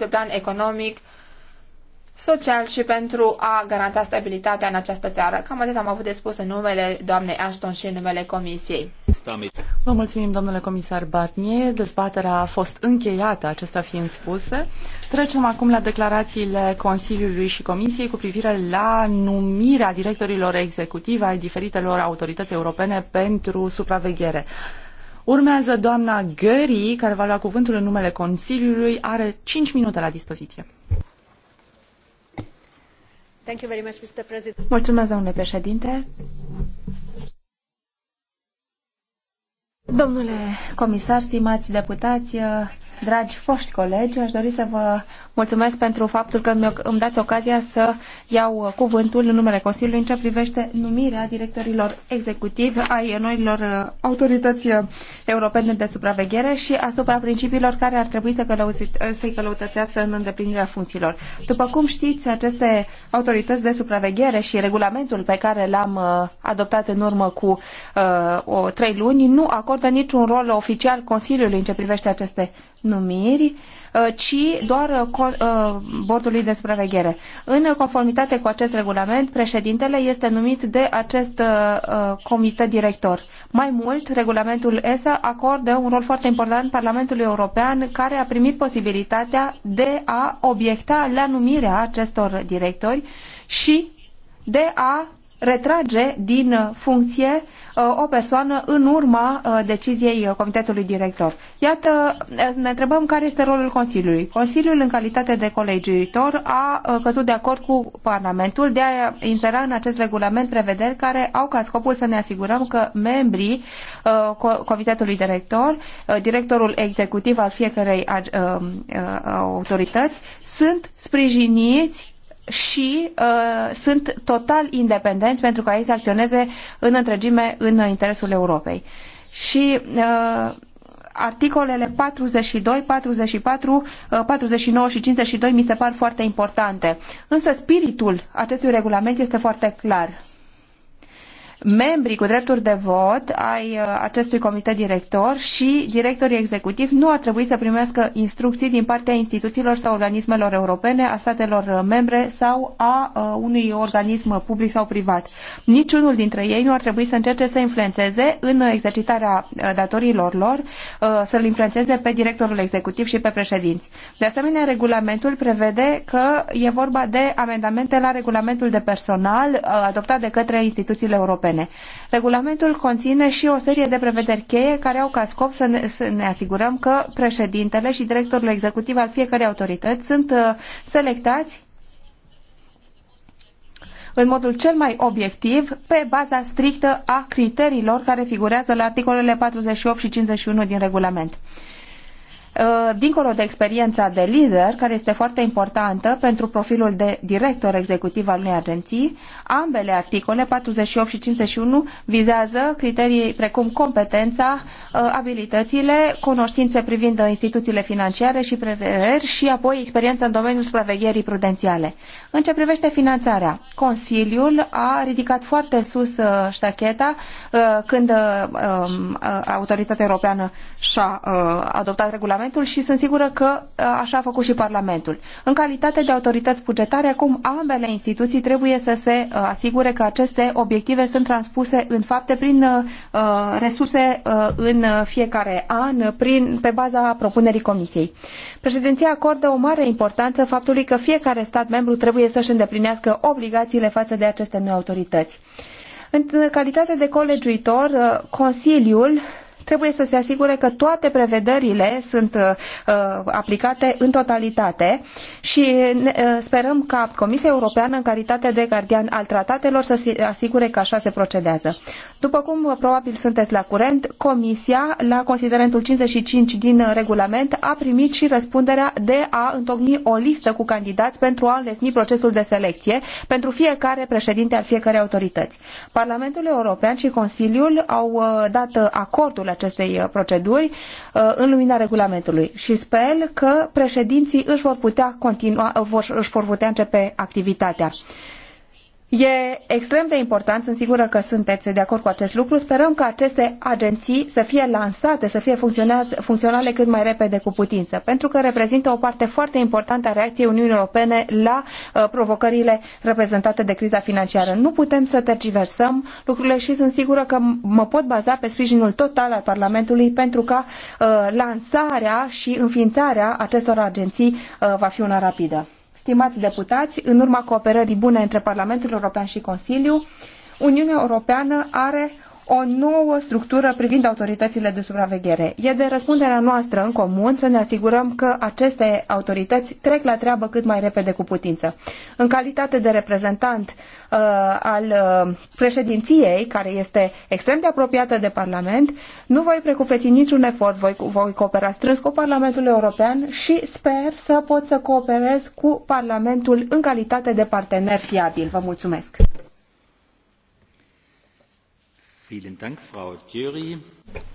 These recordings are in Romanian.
pe plan economic, social și pentru a garanta stabilitatea în această țară. Cam atât am avut de spus în numele doamnei Ashton și în numele Comisiei. Vă mulțumim, domnule comisar Barnier. Dezbaterea a fost încheiată, acestea fiind spuse. Trecem acum la declarațiile Consiliului și Comisiei cu privire la numirea directorilor executive ai diferitelor autorități europene pentru supraveghere. Urmează doamna Gări, care va lua cuvântul în numele Consiliului, are 5 minute la dispoziție. Thank you very much, Mr. President. Mulțumesc, domnule președinte. Domnule comisar, stimați deputați, Dragi foști colegi, aș dori să vă mulțumesc pentru faptul că îmi dați ocazia să iau cuvântul în numele Consiliului în ce privește numirea directorilor executivi ai noilor uh, autorități uh, europene de supraveghere și asupra principiilor care ar trebui să uh, să-i călăutățească în îndeplinirea funcțiilor. După cum știți, aceste autorități de supraveghere și regulamentul pe care l-am adoptat în urmă cu uh, o, trei luni nu acordă niciun rol oficial Consiliului în ce privește aceste numiri, uh, ci doar uh, uh, bordului de supraveghere. În conformitate cu acest regulament, președintele este numit de acest comitet director. Mai mult, regulamentul ESA acordă un rol foarte important Parlamentului European, care a primit posibilitatea de a obiecta la numirea acestor directori și de a retrage din funcție uh, o persoană în urma uh, deciziei Comitetului Director. Iată, ne întrebăm care este rolul Consiliului. Consiliul, în calitate de colegiuitor, a uh, căzut de acord cu Parlamentul de a insera în acest regulament prevederi care au ca scopul să ne asigurăm că membrii Comitetului Director, directorul executiv al fiecărei autorități, sunt sprijiniți și uh, sunt total independenți pentru ca ei să acționeze în întregime în interesul Europei. Și uh, articolele 42, 44, 49 și 52 uh, mi se par foarte importante. Însă spiritul acestui regulament este foarte clar membrii cu drepturi de vot ai uh, acestui comitet director și directorii executivi nu ar trebui să primească instrucții din partea instituțiilor sau organismelor europene, a statelor uh, membre sau a uh, unui organism public sau privat. Niciunul dintre ei nu ar trebui să încerce să influențeze în exercitarea datoriilor lor, să-l influențeze pe directorul executiv și pe președinți. De asemenea, regulamentul prevede că e vorba de amendamente la regulamentul de personal adoptat de către instituțiile europene. Europene. Regulamentul conține și o serie de prevederi cheie care au ca scop să ne, să ne asigurăm că președintele și directorul executiv al fiecărei autorități sunt uh, selectați în modul cel mai obiectiv, pe baza strictă a criteriilor care figurează la articolele 48 și 51 din regulament. Uh, dincolo de experiența de lider, care este foarte importantă pentru profilul de director executiv al unei agenții, ambele articole, 48 și 51, vizează criterii precum competența, uh, abilitățile, cunoștințe privind instituțiile financiare și prevederi și apoi experiența în domeniul supravegherii prudențiale. În ce privește finanțarea, Consiliul a ridicat foarte sus uh, ștacheta când um, Autoritatea Europeană și-a adoptat regulamentul Parlamentul și sunt sigură că ă, așa a făcut și Parlamentul. În calitate de autorități bugetare, acum ambele instituții trebuie să se ă, asigure că aceste obiective sunt transpuse în fapte prin uh, resurse uh, în fiecare an, prin, pe baza propunerii Comisiei. Președinția acordă o mare importanță faptului că fiecare stat membru trebuie să-și îndeplinească obligațiile față de aceste noi autorități. În calitate de colegiuitor, Consiliul trebuie să se asigure că toate prevederile sunt uh, uh, aplicate în totalitate și uh, sperăm ca Comisia Europeană, în calitate de gardian al tratatelor, să se asigure că așa se procedează. După cum probabil sunteți la curent, Comisia, la considerentul 55 din regulament, a primit și răspunderea de a întocmi o listă cu candidați pentru a înlesni procesul de selecție pentru fiecare președinte al fiecărei autorități. Parlamentul European și Consiliul au uh, dat acordul acestei uh, proceduri uh, în lumina regulamentului și sper că președinții își vor putea continua, vor, își vor putea începe activitatea. E extrem de important, sunt sigură că sunteți de acord cu acest lucru. Sperăm că aceste agenții să fie lansate, să fie funcționale cât mai repede cu putință, pentru că reprezintă o parte foarte importantă a reacției Uniunii Europene la uh, provocările reprezentate de criza financiară. Nu putem să tergiversăm lucrurile și sunt sigură că mă pot baza pe sprijinul total al Parlamentului pentru ca uh, lansarea și înființarea acestor agenții uh, va fi una rapidă. Stimați deputați, în urma cooperării bune între Parlamentul European și Consiliu, Uniunea Europeană are o nouă structură privind autoritățile de supraveghere. E de răspunderea noastră în comun să ne asigurăm că aceste autorități trec la treabă cât mai repede cu putință. În calitate de reprezentant uh, al uh, președinției, care este extrem de apropiată de Parlament, nu voi precupeți niciun efort, voi, voi coopera strâns cu Parlamentul European și sper să pot să cooperez cu Parlamentul în calitate de partener fiabil. Vă mulțumesc!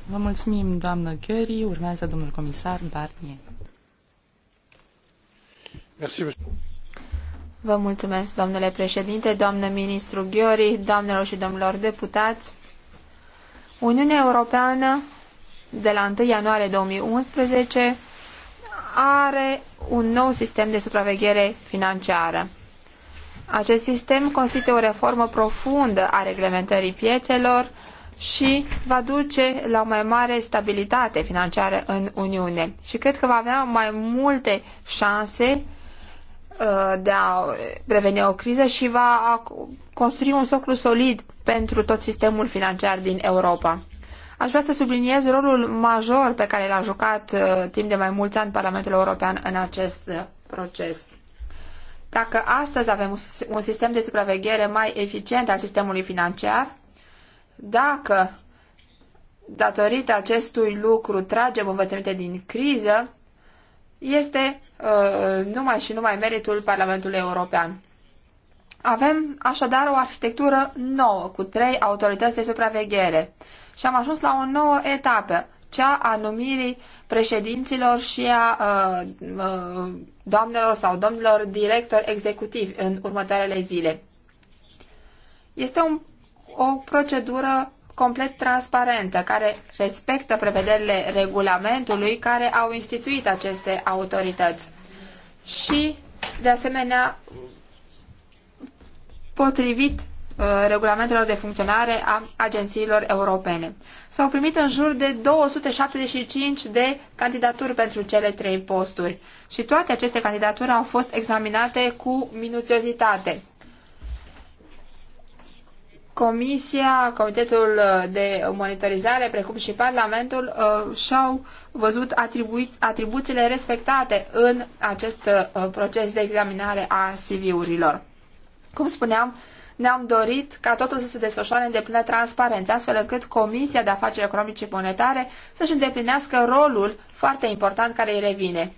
Vă mulțumim, doamnă Curie. Urmează domnul comisar Barnier. Vă mulțumesc, domnule președinte, doamnă ministru Ghiori, doamnelor și domnilor deputați. Uniunea Europeană, de la 1 ianuarie 2011, are un nou sistem de supraveghere financiară. Acest sistem constituie o reformă profundă a reglementării piețelor și va duce la o mai mare stabilitate financiară în Uniune. Și cred că va avea mai multe șanse uh, de a preveni o criză și va construi un soclu solid pentru tot sistemul financiar din Europa. Aș vrea să subliniez rolul major pe care l-a jucat uh, timp de mai mulți ani Parlamentul European în acest uh, proces. Dacă astăzi avem un sistem de supraveghere mai eficient al sistemului financiar, dacă datorită acestui lucru tragem învățăminte din criză, este uh, numai și numai meritul Parlamentului European. Avem așadar o arhitectură nouă, cu trei autorități de supraveghere și am ajuns la o nouă etapă, cea a numirii președinților și a uh, doamnelor sau domnilor director executivi în următoarele zile. Este un, o procedură complet transparentă, care respectă prevederile regulamentului care au instituit aceste autorități și, de asemenea, potrivit Uh, regulamentelor de funcționare a agențiilor europene. S-au primit în jur de 275 de candidaturi pentru cele trei posturi și toate aceste candidaturi au fost examinate cu minuțiozitate. Comisia, Comitetul de Monitorizare, precum și Parlamentul, uh, și-au văzut atribuțiile respectate în acest uh, proces de examinare a CV-urilor. Cum spuneam, ne-am dorit ca totul să se desfășoare în deplină transparență, astfel încât Comisia de Afaceri Economice și Monetare să-și îndeplinească rolul foarte important care îi revine.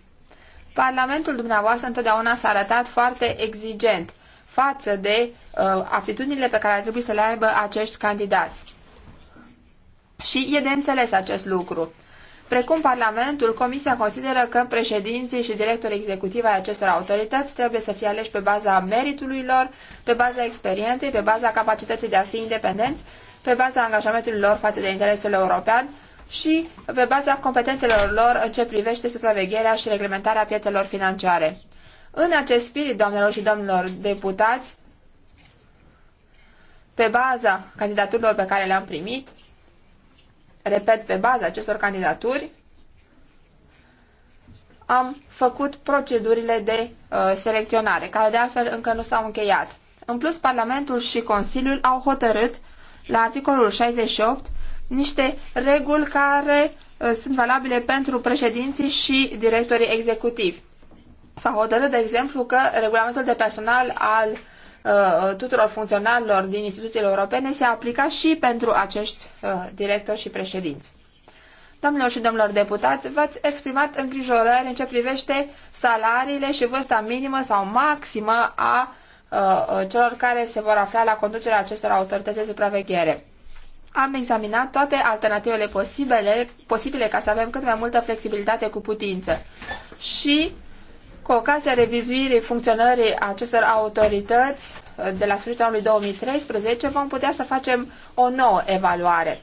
Parlamentul dumneavoastră întotdeauna s-a arătat foarte exigent față de uh, aptitudinile pe care ar trebui să le aibă acești candidați. Și e de înțeles acest lucru. Precum Parlamentul, Comisia consideră că președinții și directorii executivi ai acestor autorități trebuie să fie aleși pe baza meritului lor, pe baza experienței, pe baza capacității de a fi independenți, pe baza angajamentului lor față de interesul european și pe baza competențelor lor în ce privește supravegherea și reglementarea piețelor financiare. În acest spirit, doamnelor și domnilor deputați, pe baza candidaturilor pe care le-am primit, repet, pe baza acestor candidaturi, am făcut procedurile de uh, selecționare, care de altfel încă nu s-au încheiat. În plus, Parlamentul și Consiliul au hotărât, la articolul 68, niște reguli care uh, sunt valabile pentru președinții și directorii executivi. S-a hotărât, de exemplu, că regulamentul de personal al Uh, uh, tuturor funcționarilor din instituțiile europene se aplica și pentru acești uh, directori și președinți. Domnilor și domnilor deputați, v-ați exprimat îngrijorări în ce privește salariile și vârsta minimă sau maximă a celor care se vor afla la conducerea acestor autorități de supraveghere. Am examinat toate alternativele posibile, posibile ca să avem cât mai multă flexibilitate cu putință. Și cu ocazia revizuirii funcționării acestor autorități uh, de la sfârșitul anului 2013 vom putea să facem o nouă evaluare.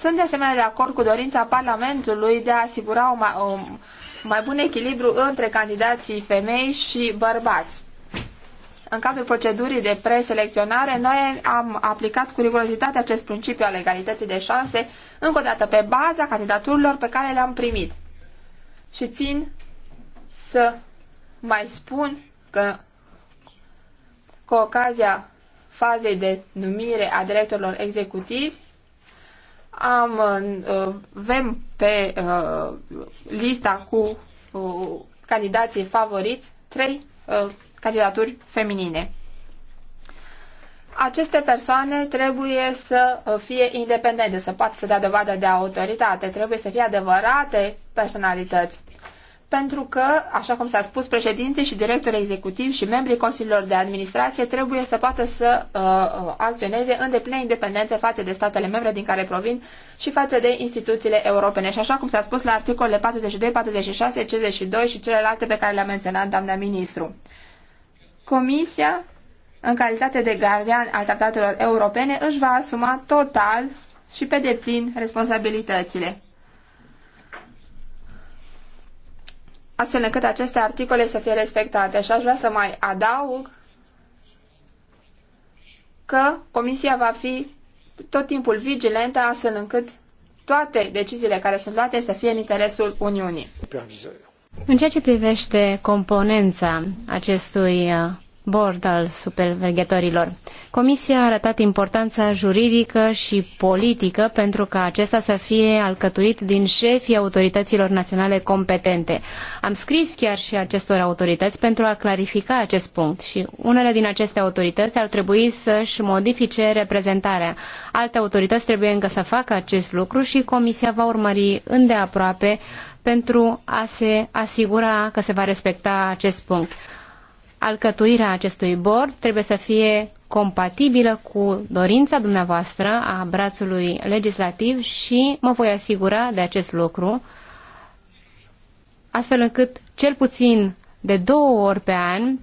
Sunt de asemenea de acord cu dorința Parlamentului de a asigura un mai bun echilibru între candidații femei și bărbați. În cadrul procedurii de preselecționare, noi am aplicat cu rigurozitate acest principiu al egalității de șanse, încă o dată pe baza candidaturilor pe care le-am primit. Și țin să mai spun că cu ocazia fazei de numire a directorilor executivi, am, uh, avem pe uh, lista cu uh, candidații favoriți trei candidaturi feminine. Aceste persoane trebuie să fie independente, să poată să dea dovadă de autoritate, trebuie să fie adevărate personalități pentru că, așa cum s-a spus, președinții și directorii executivi și membrii consiliilor de administrație trebuie să poată să uh, uh acționeze în deplină independență față de statele membre din care provin și față de instituțiile europene. Și așa cum s-a spus la articolele 42, 46, 52 și celelalte pe care le-a menționat doamna ministru. Comisia, în calitate de gardian al tratatelor europene, își va asuma total și pe deplin responsabilitățile. astfel încât aceste articole să fie respectate. Și aș vrea să mai adaug că Comisia va fi tot timpul vigilentă astfel încât toate deciziile care sunt luate să fie în interesul Uniunii. În ceea ce privește componența acestui uh, board al superveghetorilor. Comisia a arătat importanța juridică și politică pentru ca acesta să fie alcătuit din șefii autorităților naționale competente. Am scris chiar și acestor autorități pentru a clarifica acest punct și unele din aceste autorități ar trebui să-și modifice reprezentarea. Alte autorități trebuie încă să facă acest lucru și Comisia va urmări îndeaproape pentru a se asigura că se va respecta acest punct alcătuirea acestui bord trebuie să fie compatibilă cu dorința dumneavoastră a brațului legislativ și mă voi asigura de acest lucru, astfel încât cel puțin de două ori pe an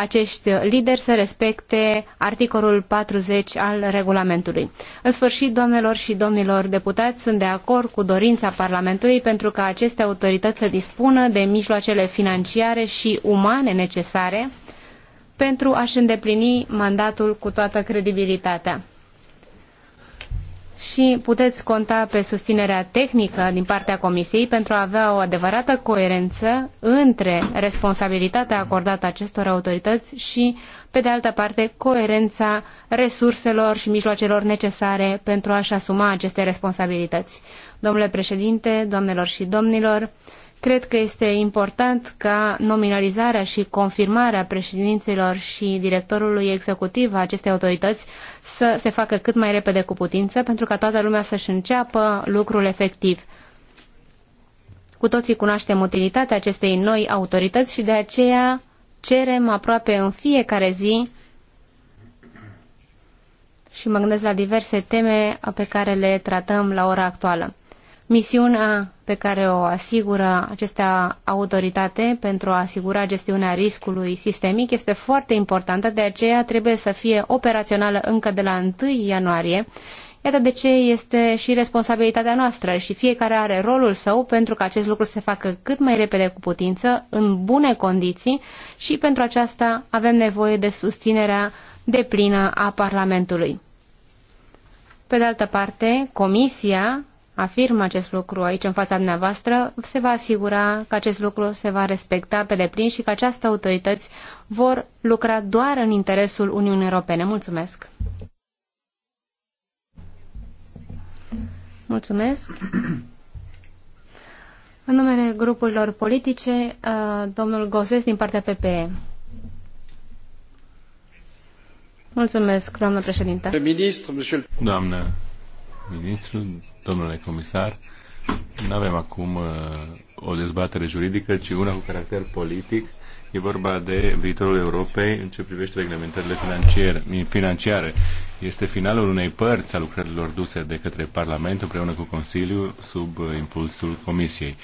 acești lideri să respecte articolul 40 al regulamentului. În sfârșit, doamnelor și domnilor deputați, sunt de acord cu dorința Parlamentului pentru ca aceste autorități să dispună de mijloacele financiare și umane necesare pentru a-și îndeplini mandatul cu toată credibilitatea și puteți conta pe susținerea tehnică din partea Comisiei pentru a avea o adevărată coerență între responsabilitatea acordată acestor autorități și, pe de altă parte, coerența resurselor și mijloacelor necesare pentru a-și asuma aceste responsabilități. Domnule președinte, doamnelor și domnilor, Cred că este important ca nominalizarea și confirmarea președinților și directorului executiv a acestei autorități să se facă cât mai repede cu putință, pentru ca toată lumea să-și înceapă lucrul efectiv. Cu toții cunoaștem utilitatea acestei noi autorități și de aceea cerem aproape în fiecare zi și mă gândesc la diverse teme pe care le tratăm la ora actuală. Misiunea pe care o asigură acesta autoritate pentru a asigura gestiunea riscului sistemic este foarte importantă, de aceea trebuie să fie operațională încă de la 1 ianuarie. Iată de ce este și responsabilitatea noastră și fiecare are rolul său pentru că acest lucru se facă cât mai repede cu putință, în bune condiții și pentru aceasta avem nevoie de susținerea deplină a Parlamentului. Pe de altă parte, Comisia afirm acest lucru aici în fața dumneavoastră, se va asigura că acest lucru se va respecta pe deplin și că această autorități vor lucra doar în interesul Uniunii Europene. Mulțumesc! Mulțumesc! În numele grupurilor politice, uh, domnul Gosesc din partea PPE. Mulțumesc, doamnă președinte. Doamnă ministru, domnule comisar. Nu avem acum uh, o dezbatere juridică, ci una cu caracter politic. E vorba de viitorul Europei în ce privește reglementările financiare. financiare. Este finalul unei părți a lucrărilor duse de către Parlament împreună cu Consiliul sub uh, impulsul Comisiei.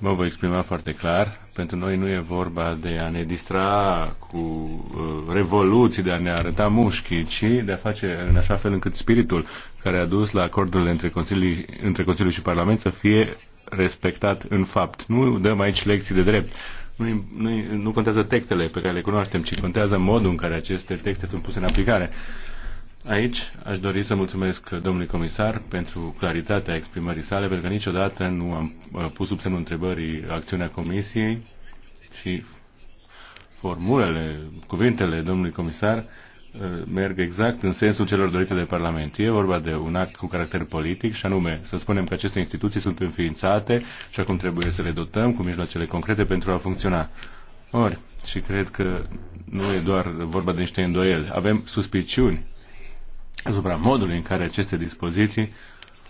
Mă voi exprima foarte clar. Pentru noi nu e vorba de a ne distra cu uh, revoluții, de a ne arăta mușchii, ci de a face în așa fel încât spiritul care a dus la acordurile între, Consiliul, între Consiliu și Parlament să fie respectat în fapt. Nu dăm aici lecții de drept. Nu, nu, nu contează textele pe care le cunoaștem, ci contează modul în care aceste texte sunt puse în aplicare. Uh, Aici aș dori să mulțumesc domnului comisar pentru claritatea exprimării sale, pentru că niciodată nu am uh, pus sub semnul întrebării acțiunea comisiei și formulele, cuvintele domnului comisar uh, merg exact în sensul celor dorite de Parlament. E vorba de un act cu caracter politic și anume să spunem că aceste instituții sunt înființate și acum trebuie să le dotăm cu mijloacele concrete pentru a funcționa. Ori, și cred că nu e doar vorba de niște îndoieli, avem suspiciuni asupra modului în care aceste dispoziții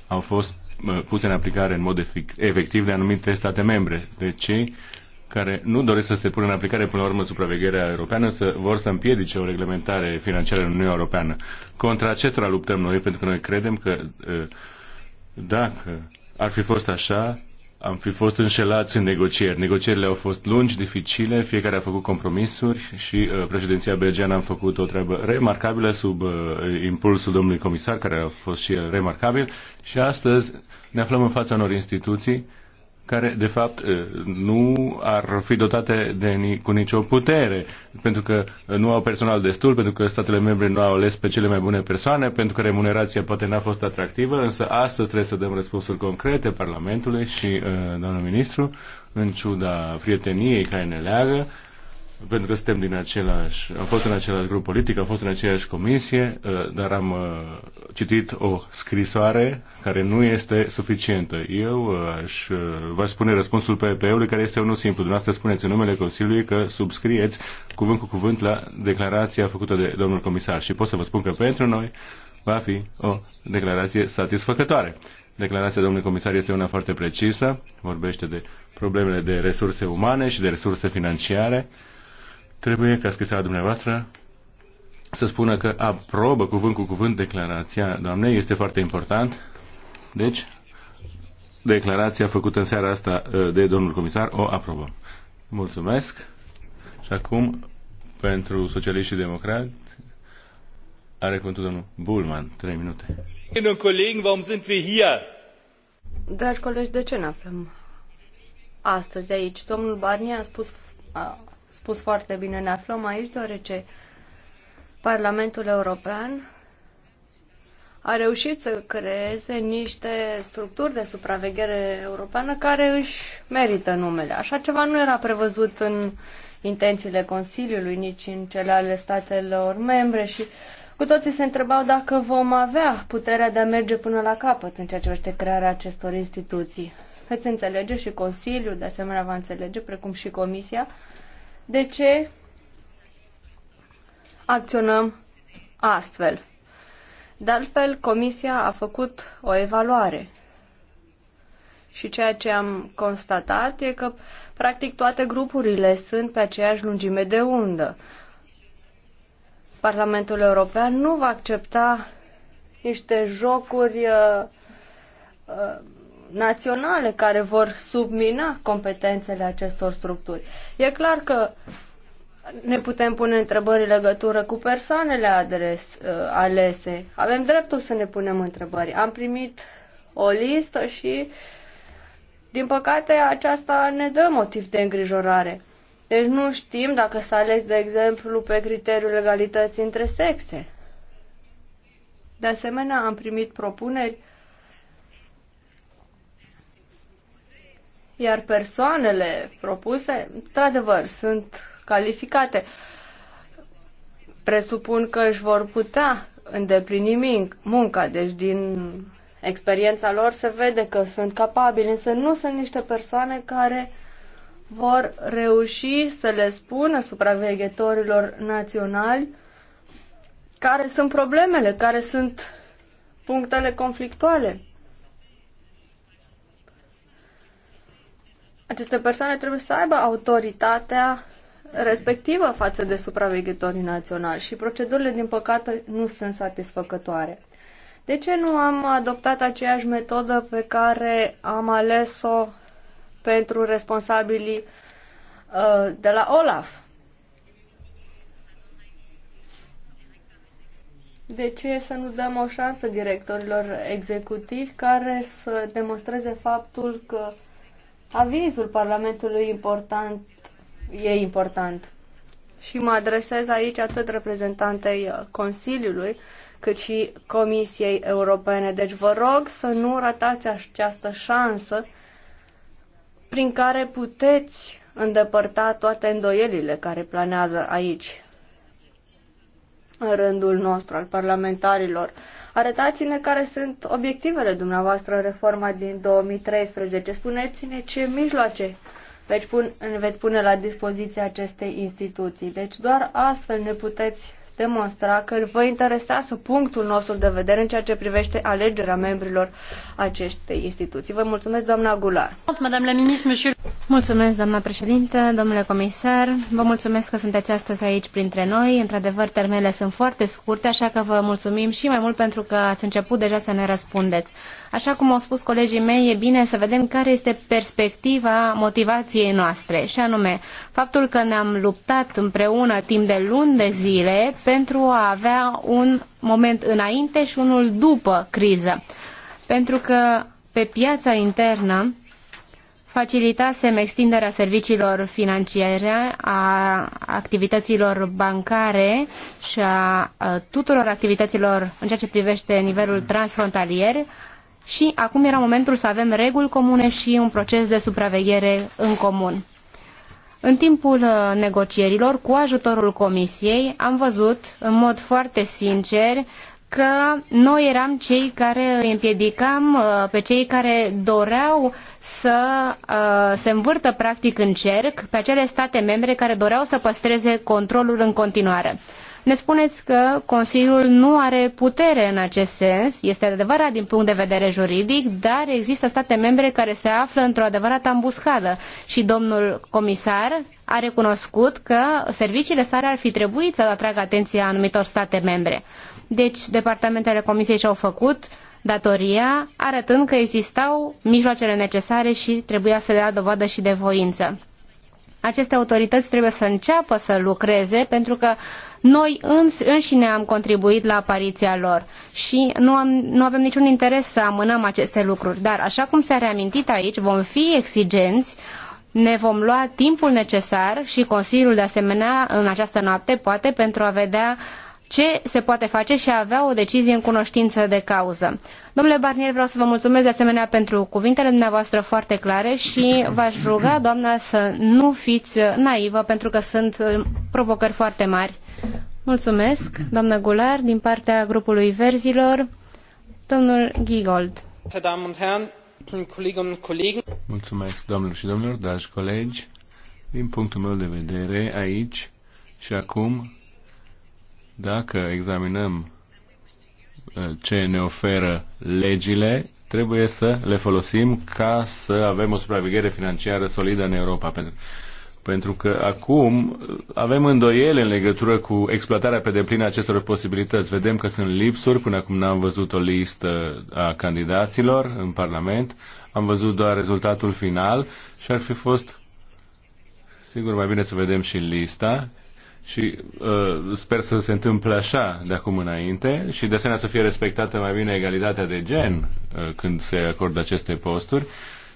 au fost uh, puse în aplicare în mod efectiv de anumite state membre, de cei care nu doresc să se pună în aplicare până la urmă supravegherea europeană, să vor să împiedice o reglementare financiară în Uniunea Europeană. Contra acestora luptăm noi, pentru că noi credem că uh, dacă ar fi fost așa, am fi fost înșelați în negocieri. Negocierile au fost lungi, dificile, fiecare a făcut compromisuri și uh, președinția belgeană a făcut o treabă remarcabilă sub uh, impulsul domnului comisar, care a fost și el remarcabil. Și astăzi ne aflăm în fața unor instituții uh, care de fapt nu ar fi dotate de, cu nicio putere, pentru că nu au personal destul, pentru că statele membre nu au ales pe cele mai bune persoane, pentru că remunerația poate n-a fost atractivă, însă astăzi trebuie să dăm răspunsuri concrete Parlamentului și, domnul ministru, în ciuda prieteniei care ne leagă, pentru că suntem din același, am fost în același grup politic, am fost în aceeași comisie, uh, dar am uh, citit o scrisoare care nu este suficientă. Eu uh, aș, v-aș spune răspunsul PPE-ului, care este unul simplu. Dumneavoastră spuneți în numele Consiliului că subscrieți cuvânt cu cuvânt la declarația făcută de domnul comisar și pot să vă spun că pentru noi va fi o declarație satisfăcătoare. Declarația domnului comisar este una foarte precisă, vorbește de problemele de resurse umane și de resurse financiare trebuie ca scrisa dumneavoastră să spună că aprobă cuvânt cu cuvânt declarația doamnei. Este foarte important. Deci, declarația făcută în seara asta ă, de domnul comisar o aprobăm. Mulțumesc. Și acum, pentru socialiști și democrați, are cuvântul domnul Bulman. Trei minute. Dragi colegi, de ce ne aflăm astăzi aici? Domnul Barnier a spus a spus foarte bine, ne aflăm aici deoarece Parlamentul European a reușit să creeze niște structuri de supraveghere europeană care își merită numele. Așa ceva nu era prevăzut în intențiile Consiliului, nici în cele ale statelor membre și cu toții se întrebau dacă vom avea puterea de a merge până la capăt în ceea ce privește crearea acestor instituții. Veți înțelege și Consiliul, de asemenea, va înțelege, precum și Comisia, de ce acționăm astfel. De altfel, Comisia a făcut o evaluare și ceea ce am constatat e că practic toate grupurile sunt pe aceeași lungime de undă. Parlamentul European nu va accepta niște jocuri uh, uh, naționale care vor submina competențele acestor structuri. E clar că ne putem pune întrebări în legătură cu persoanele adres, uh, alese. Avem dreptul să ne punem întrebări. Am primit o listă și, din păcate, aceasta ne dă motiv de îngrijorare. Deci nu știm dacă s-a ales, de exemplu, pe criteriul legalității între sexe. De asemenea, am primit propuneri uh, Iar persoanele propuse, într-adevăr, sunt calificate. Presupun că își vor putea îndeplini munca, deci din experiența lor se vede că sunt capabili, însă nu sunt niște persoane care vor reuși să le spună supraveghetorilor naționali care sunt problemele, care sunt punctele conflictuale. Aceste persoane trebuie să aibă autoritatea respectivă față de supraveghetorii naționali și procedurile, din păcate, nu sunt satisfăcătoare. De ce nu am adoptat aceeași metodă pe care am ales-o pentru responsabilii uh, de la OLAF? De ce să nu dăm o șansă directorilor executivi care să demonstreze faptul că uh, Avizul Parlamentului important e important. Și mă adresez aici atât reprezentantei uh, Consiliului, cât și Comisiei Europene. Deci vă rog să nu ratați această șansă prin care puteți îndepărta toate îndoielile care planează aici, în rândul nostru, al parlamentarilor. Arătați-ne care sunt obiectivele dumneavoastră în reforma din 2013. Spuneți-ne ce mijloace veți, pun, veți pune la dispoziție acestei instituții. Deci doar astfel ne puteți demonstra că vă interesează punctul nostru de vedere în ceea ce privește alegerea membrilor acestei instituții. Vă mulțumesc, doamna Gular. Mulțumesc, doamna președintă, domnule comisar. Vă mulțumesc că sunteți astăzi aici printre noi. Într-adevăr, termenele sunt foarte scurte, așa că vă mulțumim și mai mult pentru că ați început deja să ne răspundeți. Așa cum au spus colegii mei, e bine să vedem care este perspectiva motivației noastre, și anume faptul că ne-am luptat împreună timp de luni de zile pentru a avea un moment înainte și unul după criză pentru că pe piața internă facilitasem extinderea serviciilor financiare, a activităților bancare și a tuturor activităților în ceea ce privește nivelul transfrontalier și acum era momentul să avem reguli comune și un proces de supraveghere în comun. În timpul negocierilor, cu ajutorul Comisiei, am văzut în mod foarte sincer că noi eram cei care îi împiedicam uh, pe cei care doreau să uh, se învârtă practic în cerc, pe acele state membre care doreau să păstreze controlul în continuare. Ne spuneți că Consiliul nu are putere în acest sens, este adevărat din punct de vedere juridic, dar există state membre care se află într-o adevărată ambuscadă și domnul comisar a recunoscut că serviciile sale ar fi trebuit să atragă atenția anumitor state membre. Deci, departamentele Comisiei și-au făcut datoria, arătând că existau mijloacele necesare și trebuia să le dea dovadă și de voință. Aceste autorități trebuie să înceapă să lucreze pentru că noi îns, înșine am contribuit la apariția lor și nu, am, nu avem niciun interes să amânăm aceste lucruri. Dar, așa cum s-a reamintit aici, vom fi exigenți, ne vom lua timpul necesar și Consiliul de asemenea în această noapte, poate, pentru a vedea uh, ce se poate face și a avea o decizie în cunoștință de cauză. Domnule Barnier, vreau să vă mulțumesc de asemenea pentru cuvintele dumneavoastră foarte clare și v-aș ruga, doamna, să nu fiți naivă pentru că sunt uh, provocări foarte mari. Mulțumesc, doamnă Gular, din partea grupului Verzilor, domnul Gigold. Mulțumesc, domnilor și domnilor, dragi colegi. Din punctul meu de vedere, aici și acum dacă examinăm uh, ce ne oferă legile, trebuie să le folosim ca să avem o supraveghere financiară solidă în Europa. Pentru, că acum uh, avem îndoiele în legătură cu exploatarea pe deplin a acestor posibilități. Vedem că sunt lipsuri, până acum n-am văzut o listă a candidaților în Parlament, am văzut doar rezultatul final și ar fi fost sigur mai bine să vedem și lista și uh, sper să se întâmple așa de acum înainte și de asemenea să fie respectată mai bine egalitatea de gen uh, când se acordă aceste posturi.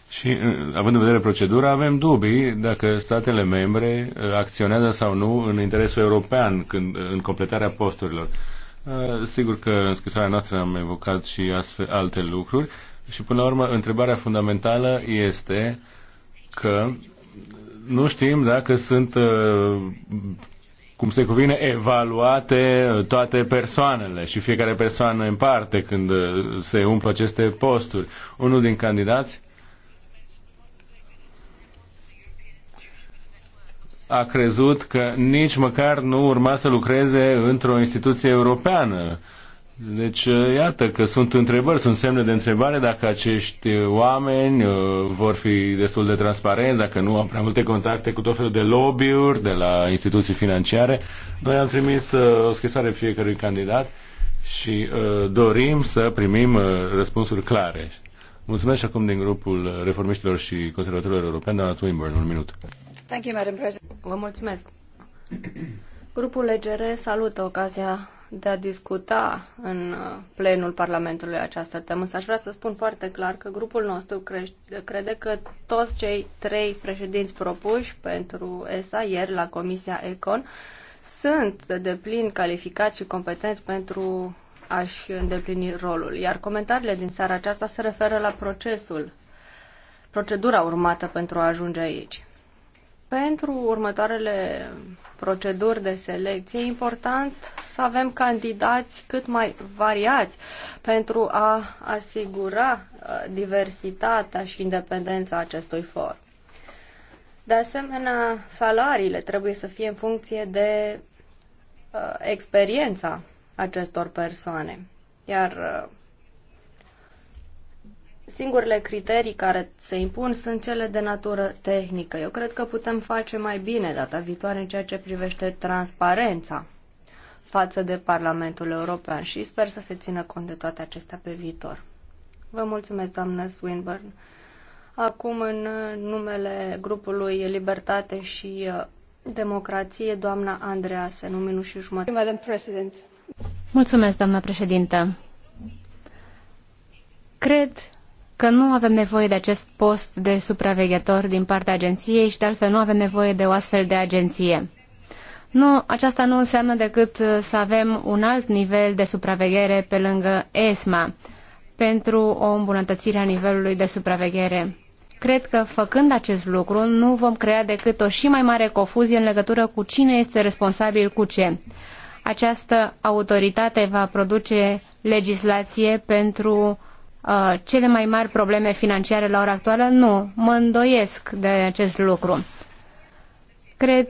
Și uh, având în vedere procedura, avem dubii dacă statele membre uh, acționează sau nu în interesul european când, uh, în completarea posturilor. Uh, sigur că în scrisoarea noastră am evocat și astfel, alte lucruri și până la urmă întrebarea fundamentală este că nu știm dacă sunt uh, cum se cuvine, evaluate uh, toate persoanele și fiecare persoană în parte când uh, se umplă aceste posturi. Unul din candidați a crezut că nici măcar nu urma să lucreze într-o instituție europeană deci, uh, iată că sunt întrebări, sunt semne de întrebare dacă acești oameni uh, vor fi destul de transparenti, dacă nu au prea multe contacte cu tot felul de lobby-uri de la instituții financiare. Noi am trimis uh, o scrisoare fiecărui candidat și uh, dorim să primim uh, răspunsuri clare. Mulțumesc și acum din grupul reformiștilor și conservatorilor europeni, doamna Twinburne, un minut. Thank you, Madam President. Vă mulțumesc. Grupul LGR salută ocazia de a discuta în uh, plenul Parlamentului această temă. Însă aș vrea să spun foarte clar că grupul nostru crede că toți cei trei președinți propuși pentru ESA ieri la Comisia ECON sunt de plin calificați și competenți pentru a-și îndeplini rolul. Iar comentariile din seara aceasta se referă la procesul, procedura urmată pentru a ajunge aici. Pentru următoarele proceduri de selecție, e important să avem candidați cât mai variați pentru a asigura uh, diversitatea și independența acestui for. De asemenea, salariile trebuie să fie în funcție de uh, experiența acestor persoane. Iar uh, singurele criterii care se impun sunt cele de natură tehnică. Eu cred că putem face mai bine data viitoare în ceea ce privește transparența față de Parlamentul European și sper să se țină cont de toate acestea pe viitor. Vă mulțumesc, doamnă Swinburne. Acum, în numele grupului Libertate și uh, Democrație, doamna Andreea, se numinu și jumătate. Mulțumesc, doamna președintă. Cred că nu avem nevoie de acest post de supraveghetor din partea agenției și de altfel nu avem nevoie de o astfel de agenție. Nu, aceasta nu înseamnă decât uh, să avem un alt nivel de supraveghere pe lângă ESMA pentru o îmbunătățire a nivelului de supraveghere. Cred că făcând acest lucru nu vom crea decât o și mai mare confuzie în legătură cu cine este responsabil cu ce. Această autoritate va produce legislație pentru Uh, cele mai mari probleme financiare la ora actuală? Nu, mă îndoiesc de acest lucru. Cred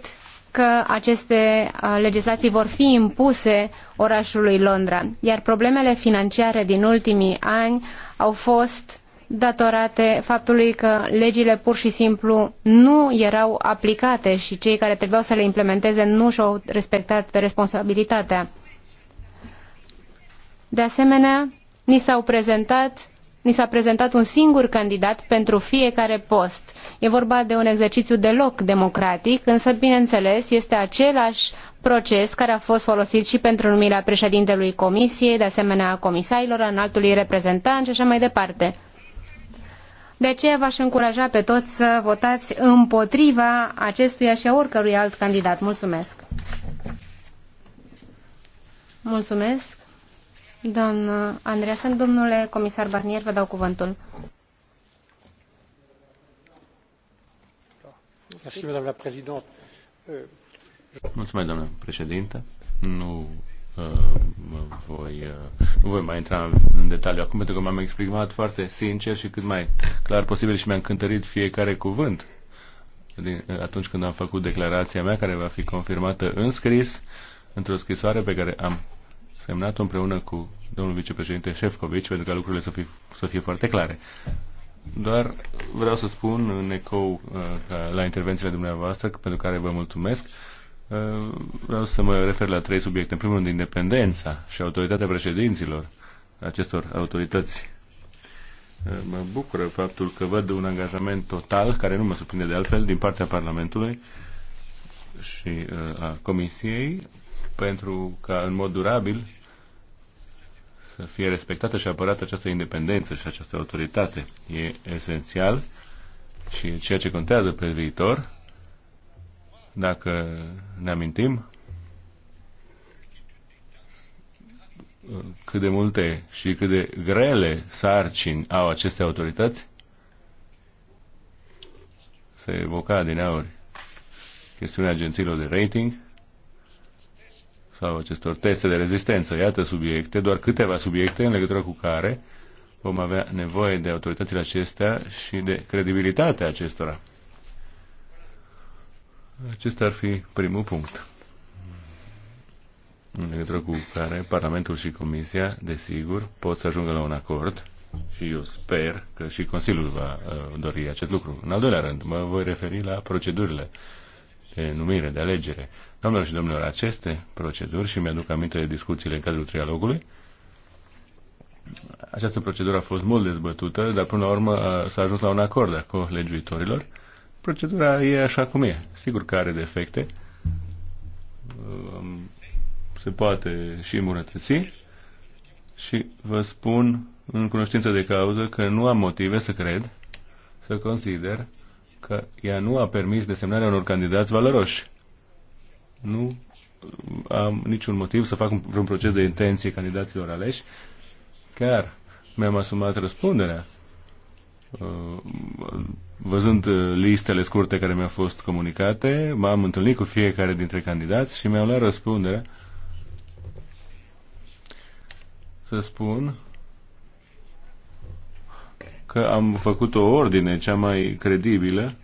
că aceste uh, legislații vor fi impuse orașului Londra, iar problemele financiare din ultimii ani au fost datorate faptului că legile pur și simplu nu erau aplicate și cei care trebuiau să le implementeze nu și-au respectat responsabilitatea. De asemenea, ni s-au prezentat Ni s-a prezentat un singur candidat pentru fiecare post. E vorba de un exercițiu deloc democratic, însă, bineînțeles, este același proces care a fost folosit și pentru numirea președintelui Comisiei, de asemenea a comisarilor, a înaltului reprezentant și așa mai departe. De aceea v-aș încuraja pe toți să votați împotriva acestuia și a oricărui alt candidat. Mulțumesc! Mulțumesc! Doamnă Andreasen, domnule comisar Barnier, vă dau cuvântul. Mulțumesc, doamnă președinte. Nu uh, voi, uh, nu voi mai intra în detaliu acum, pentru că m-am exprimat foarte sincer și cât mai clar posibil și mi-am cântărit fiecare cuvânt atunci când am făcut declarația mea, care va fi confirmată în scris, într-o scrisoare pe care am semnat împreună cu domnul vicepreședinte Șefcovici, pentru ca lucrurile să fie, să fie foarte clare. Doar vreau să spun în ecou uh, la intervențiile dumneavoastră, pentru care vă mulțumesc, uh, vreau să mă refer la trei subiecte. În primul rând, independența și autoritatea președinților acestor autorități. Uh, mă bucură faptul că văd un angajament total, care nu mă surprinde de altfel, din partea Parlamentului și a Comisiei, pentru ca în mod durabil să fie respectată și apărată această independență și această autoritate. E esențial și ceea ce contează pe viitor, dacă ne amintim cât de multe și cât de grele sarcini au aceste autorități, se evoca din auri chestiunea agențiilor de rating, sau acestor teste de rezistență. Iată subiecte, doar câteva subiecte în legătură cu care vom avea nevoie de autoritățile acestea și de credibilitatea acestora. Acesta ar fi primul punct în legătură cu care Parlamentul și Comisia, desigur, pot să ajungă la un acord și eu sper că și Consiliul va uh, dori acest lucru. În al doilea rând, mă voi referi la procedurile de numire, de alegere. Domnilor și domnilor, aceste proceduri, și mi-aduc aminte de discuțiile în cadrul trialogului, această procedură a fost mult dezbătută, dar până la urmă s-a ajuns la un acord cu legiuitorilor. Procedura e așa cum e. Sigur că are defecte. Um, se poate și îmbunătăți. Și vă spun în cunoștință de cauză că nu am motive să cred, să consider că ea nu a permis desemnarea unor candidați valoroși nu am niciun motiv să fac un, proces de intenție candidaților aleși. Chiar mi-am asumat răspunderea uh, văzând uh, listele scurte care mi-au fost comunicate, m-am întâlnit cu fiecare dintre candidați și mi-au luat răspunderea să spun că am făcut o ordine cea mai credibilă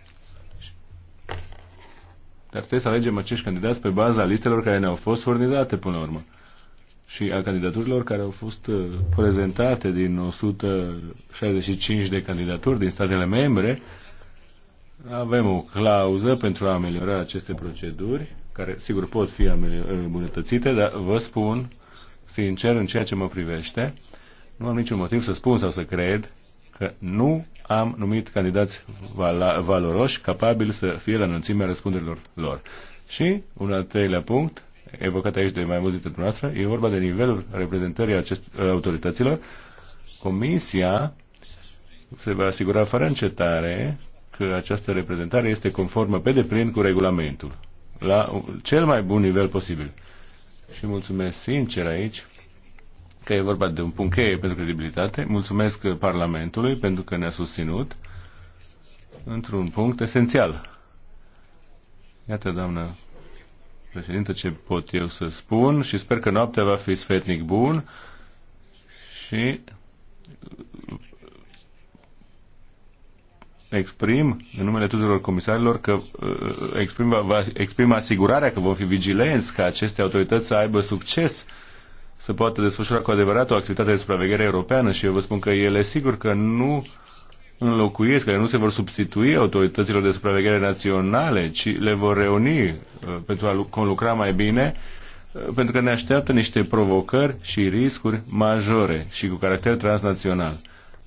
dar trebuie să alegem acești candidați pe baza listelor care ne-au fost furnizate până la urmă și a candidaturilor care au fost uh, prezentate din 165 de candidaturi din statele membre. Avem o clauză pentru a ameliora aceste proceduri, care sigur pot fi îmbunătățite, dar vă spun sincer în ceea ce mă privește, nu am niciun motiv să spun sau să cred că nu am numit candidați valoroși, capabili să fie la înălțimea răspunderilor lor. Și un al treilea punct, evocat aici de mai mulți dintre noastre, e vorba de nivelul reprezentării acest, autorităților. Comisia se va asigura fără încetare că această reprezentare este conformă pe deplin cu regulamentul, la cel mai bun nivel posibil. Și mulțumesc sincer aici că e vorba de un punct cheie pentru credibilitate. Mulțumesc Parlamentului pentru că ne-a susținut într-un punct esențial. Iată, doamnă președintă, ce pot eu să spun și sper că noaptea va fi sfetnic bun și exprim în numele tuturor comisarilor că uh, exprim, va, exprim asigurarea că vom fi vigilenți ca aceste autorități să aibă succes să poată desfășura cu adevărat o activitate de supraveghere europeană și eu vă spun că ele sigur că nu înlocuiesc, că nu se vor substitui autorităților de supraveghere naționale, ci le vor reuni uh, pentru a conlucra mai bine, uh, pentru că ne așteaptă niște provocări și riscuri majore și cu caracter transnațional.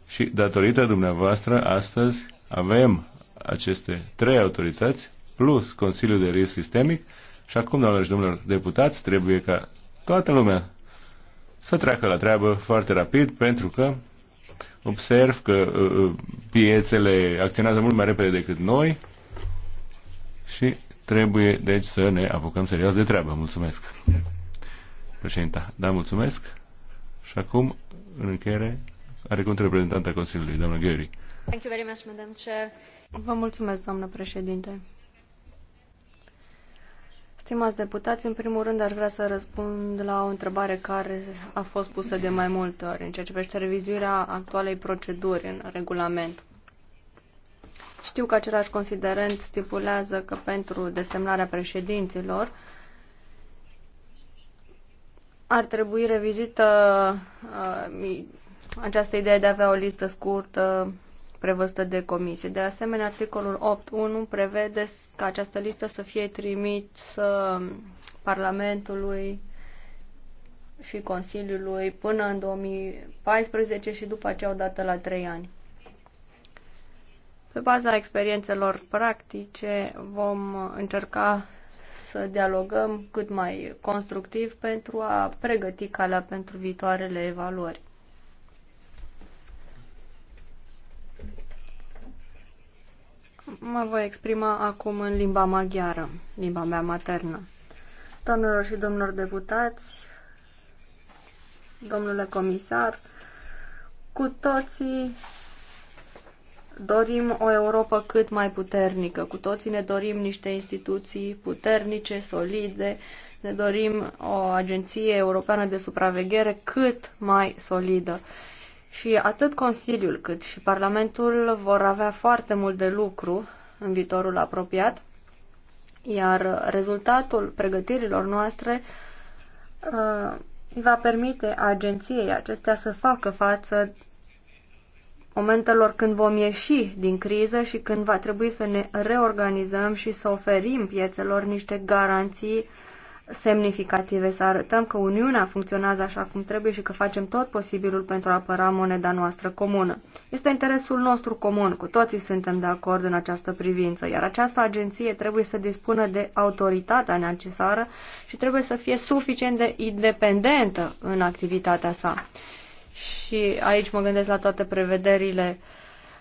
Și datorită dumneavoastră, astăzi avem aceste trei autorități plus Consiliul de Risc Sistemic și acum, doamnelor și domnilor deputați, trebuie ca toată lumea să treacă la treabă foarte rapid pentru că observ că uh, uh, piețele acționează mult mai repede decât noi și trebuie deci să ne apucăm serios de treabă. Mulțumesc. Președinta, da, mulțumesc. Și acum, în încheiere, are cuvântul reprezentanta Consiliului, doamna Gheri. Vă mulțumesc, doamnă președinte. Stimați deputați, în primul rând ar vrea să răspund la o întrebare care a fost pusă de mai multe ori în ceea ce privește revizuirea actualei proceduri în regulament. Știu că același considerent stipulează că pentru desemnarea președinților ar trebui revizită uh, această idee de a avea o listă scurtă prevăzută de comisie. De asemenea, articolul 8.1 prevede ca această listă să fie trimisă Parlamentului și Consiliului până în 2014 și după aceea odată la 3 ani. Pe baza experiențelor practice vom încerca să dialogăm cât mai constructiv pentru a pregăti calea pentru viitoarele evaluări. Mă voi exprima acum în limba maghiară, limba mea maternă. Doamnelor și domnilor deputați, domnule comisar, cu toții dorim o Europa cât mai puternică. Cu toții ne dorim niște instituții puternice, solide, ne dorim o agenție europeană de supraveghere cât mai solidă. Și atât Consiliul cât și Parlamentul vor avea foarte mult de lucru în viitorul apropiat, iar rezultatul pregătirilor noastre uh, va permite agenției acestea să facă față momentelor când vom ieși din criză și când va trebui să ne reorganizăm și să oferim piețelor niște garanții semnificative, să arătăm că Uniunea funcționează așa cum trebuie și că facem tot posibilul pentru a apăra moneda noastră comună. Este interesul nostru comun, cu toții suntem de acord în această privință, iar această agenție trebuie să dispună de autoritatea necesară și trebuie să fie suficient de independentă în activitatea sa. Și aici mă gândesc la toate prevederile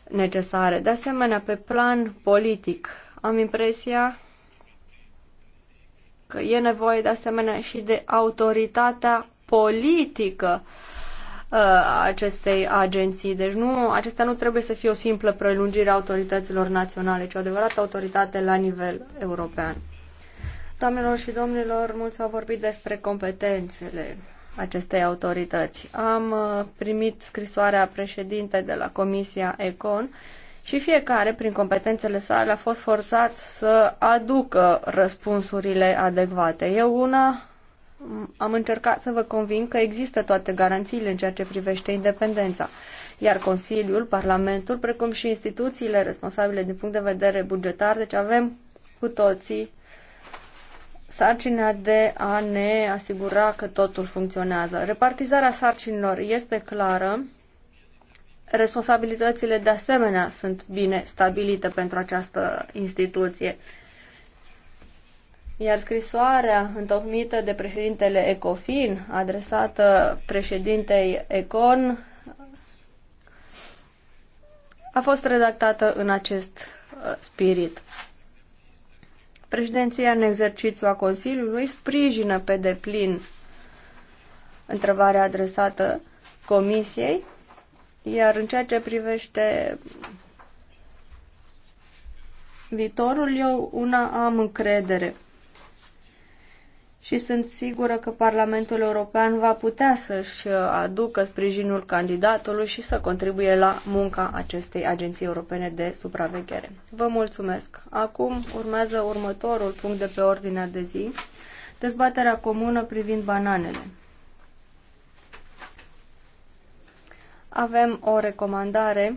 necesare. De asemenea, pe plan politic, am impresia că e nevoie de asemenea și de autoritatea politică uh, a acestei agenții. Deci nu, acestea nu trebuie să fie o simplă prelungire a autorităților naționale, ci o adevărată autoritate la nivel european. Doamnelor și domnilor, mulți au vorbit despre competențele acestei autorități. Am uh, primit scrisoarea președinte de la Comisia ECON și fiecare, prin competențele sale, a fost forțat să aducă răspunsurile adecvate. Eu una am încercat să vă convin că există toate garanțiile în ceea ce privește independența, iar Consiliul, Parlamentul, precum și instituțiile responsabile din punct de vedere bugetar, deci avem cu toții sarcinea de a ne asigura că totul funcționează. Repartizarea sarcinilor este clară Responsabilitățile de asemenea sunt bine stabilite pentru această instituție. Iar scrisoarea întocmită de președintele Ecofin, adresată președintei Econ, a fost redactată în acest uh, spirit. Președinția în exercițiu a Consiliului sprijină pe deplin întrebarea adresată Comisiei iar în ceea ce privește viitorul, eu una am încredere. Și sunt sigură că Parlamentul European va putea să-și aducă sprijinul candidatului și să contribuie la munca acestei agenții europene de supraveghere. Vă mulțumesc. Acum urmează următorul punct de pe ordinea de zi, dezbaterea comună privind bananele. avem o recomandare